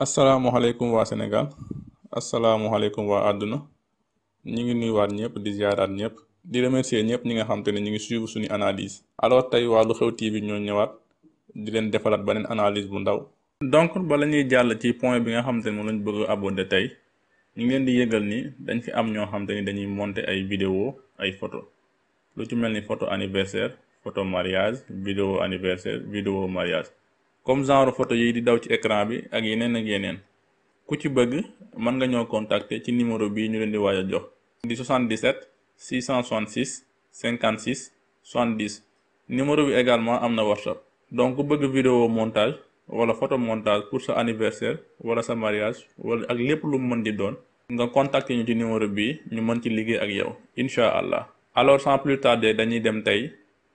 asalaamualeykum waa Sénégal asalaamualeykum waa àdduna ñu ngi nuyuwaat ñëpp di ziaraat ñëpp di remercier ñëpp ñi nga xam te ne ñu ngi suivre suñu analyse alors tey waa lu xew TV ñoo ñëwaat di leen defalaat beneen analyse bu ndaw. donc bala ñuy jàll ci point bi nga xam te ne moom lañ bëgg a aborder tey ñu ngi leen di yëgal ni dañ fi am ñoo xam ni dañuy monter ay vidéo ay photo lu ci mel ni photo anniversaire photo mariage vidéo anniversaire vidéo mariage. comme genre photo yi di daw ci écran bi ak yeneen ak yeneen ku ci bëgg mën nga ñoo contacter ci numéro bii ñu leen di waaj a jox di 77 666 56 70 numéro bi également am na whatsapp donc ku bëgg vidéo montage wala photo montage pour sa anniversaire wala sa mariage wala ak lépp lu mën di doon nga contacter ñu ci numéro bii ñu mën ci liggéey ak yow incha allah alors sans plus tarder dañuy dem tey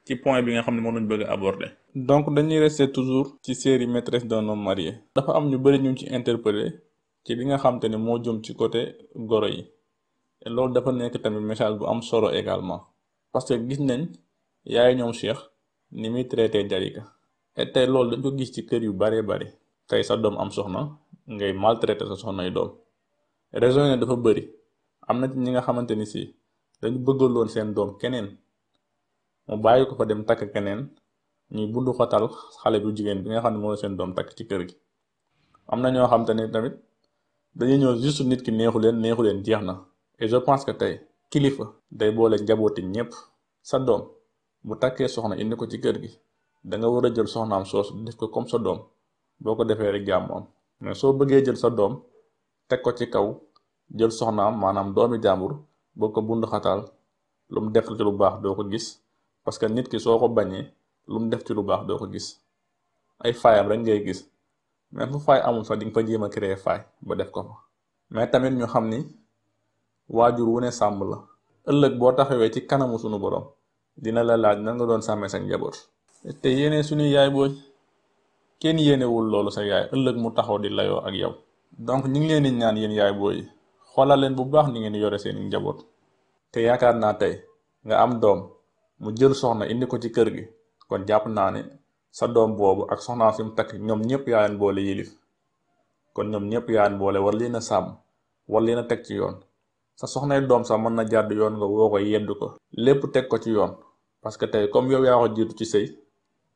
ci point bi nga xam ne moom lañ bëgg a aborder. donc dañuy rester toujours ci série maîtresse d'un homme marié. dafa am ñu bëri ñu ci interpellé ci bi nga xam ne moo jëm ci côté goro yi te loolu dafa nekk tamit message bu am solo également parce que gis nañ yaay ñoom Cheikh ni muy traité Jalika tey loolu dañ ko gis ci kër yu bëree bëri tey sa doom am soxna ngay maltraité sa soxnay doom raison yi dafa bëri am na ñi nga xamante ni si dañu bëggaloon seen doom keneen. mu bàyyi ko fa dem takk keneen ñuy budd xotal xale bu jigéen bi nga xam ne moo seen doom takk ci kër gi am na ñoo xam te ne tamit dañuy ñëw juste nit ki neexu leen neexu leen jeex na et je pense que tey kilifa day boole njabooti ñépp sa doom bu takkee soxna indi ko ci kër gi da nga war a jël soxnaam soosu def ko comme sa doom boo ko defee rek jàmm am mais soo bëggee jël sa doom teg ko ci kaw jël soxnaam maanaam doomi jàmbur boo ko bund xataal lu mu lu baax doo ko gis parce que nit ki soo ko bañee lu mu def ci lu baax doo ko gis ay faayam rek ngay gis mais fu faay amul sax di nga fa jéem a créer faay ba def ko fa mais tamit ñu xam ni waajur wu ne sàmm la ëllëg boo taxawee ci kanamu sunu borom dina la laaj nan nga doon sàmmee sa njaboot. te yéene suñu yaay booy kenn yéenewul loolu sa yaay ëllëg mu taxaw di layoo ak yow. donc ñu ngi leen di ñaan yéen yaay booy xoolal leen bu baax ni ngeen di yore seen njaboot. te yaakaar naa tey nga am doom. mu jël soxna indi ko ci kër gi kon jàpp naa ne sa doom boobu ak soxnaa si mu takk ñoom ñëpp yaa leen boole yilif kon ñoom ñëpp yaa leen boole war leen a sàmm war leen a teg ci yoon sa soxnay doom sax mën na jàdd yoon nga woo ko yedd ko lépp teg ko ci yoon parce que tey comme yow yaa ko jiitu ci sëy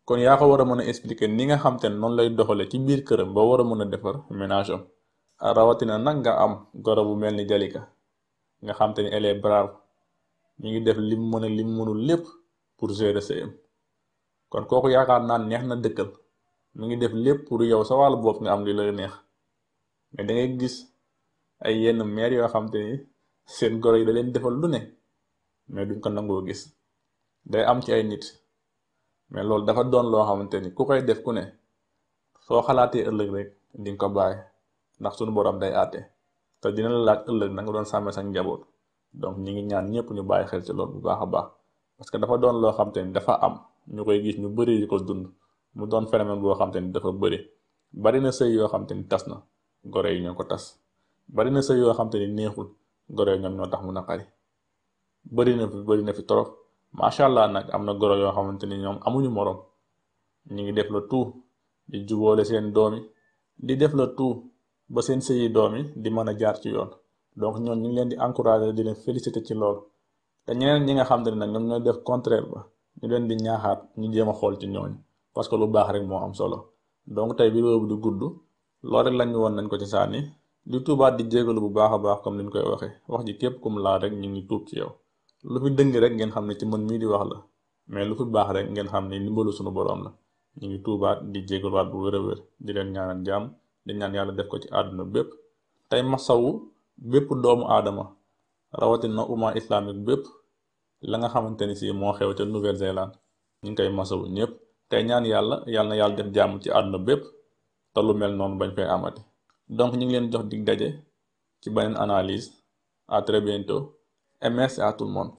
kon yaa ko war a mën a expliquer ni nga xam te ne noonu lay doxale ci biir këram ba war a mën a defar ménage am rawatina nag nga am goro bu mel ni Jalika nga xam te ni elle est ñu ngi def lim mën a lim mënul lépp pour gérer sa ëm kon kooku yaakaar naan neex na dëkkal mu ngi def lépp pour yow sa wàllu bopp nga am li la neex mais da ngay gis ay yenn maire yoo xam te ni seen goro yi da defal lu ne mais duñ ko nangoo gis day am ci ay nit mais loolu dafa doon loo xamante ni ku koy def ku ne soo xalaatee ëllëg rek di ko bàyyi ndax sunu borom day àtte te dina la laaj ëllëg na nga doon sàmmee sa njaboot. donc ñu ngi ñaan ñëpp ñu bàyyi xel ci loolu bu baax a baax parce que dafa doon loo xam ni dafa am ñu koy gis ñu bëri di ko dund mu doon phénomène boo xam ni dafa bëri bari na sëy yoo xam ni tas na gore yi ñoo ko tas bari na sëy yoo xam te neexul goro yi ñoom ñoo tax mu naqari bëri na fi bëri na fi trop macha allah nag am na goro yoo xamante ni ñoom amuñu morom ñu ngi def la tout di juboole seen doom yi di def la tout ba seen sëyi doom yi di mën a jaar ci yoon. donc ñoon ñu ngi leen di encourager di leen féliciter ci loolu te ñeneen ñi nga xam ne nag ñoom ñooy def contraire ba ñu leen di ñaaxaat ñu jéem a xool ci ñooñu parce que lu baax rek moo am solo donc tey vidéo bi di gudd loolu rek lañu woon nañ ko ci sànni di tuubaat di jégalu bu baax a baax comme ni ñu koy waxee wax ji képp comme mu laal rek ñu ngi tuub ci yow lu fi dëng rek ngeen xam ne ci mën mii di wax la mais lu fi baax rek ngeen xam ne ndimbalu suñu boroom la ñu ngi tuubaat di jégaluwaat bu wér a wér leen ñaanal jàmm di ñaan yàlla def ko ci àdduna bépp bépp doomu aadama rawatina umma islamique bépp la nga xamante ni si moo xew ca Nouvelle-Zélande ñu ngi koy masawu ñëpp te ñaan yàlla yàlla yàlla def jàmm ci àdduna bépp te lu mel noonu bañ koy amati. donc ñu ngi leen jox dig daje ci beneen analyse à très bientôt et merci à tout le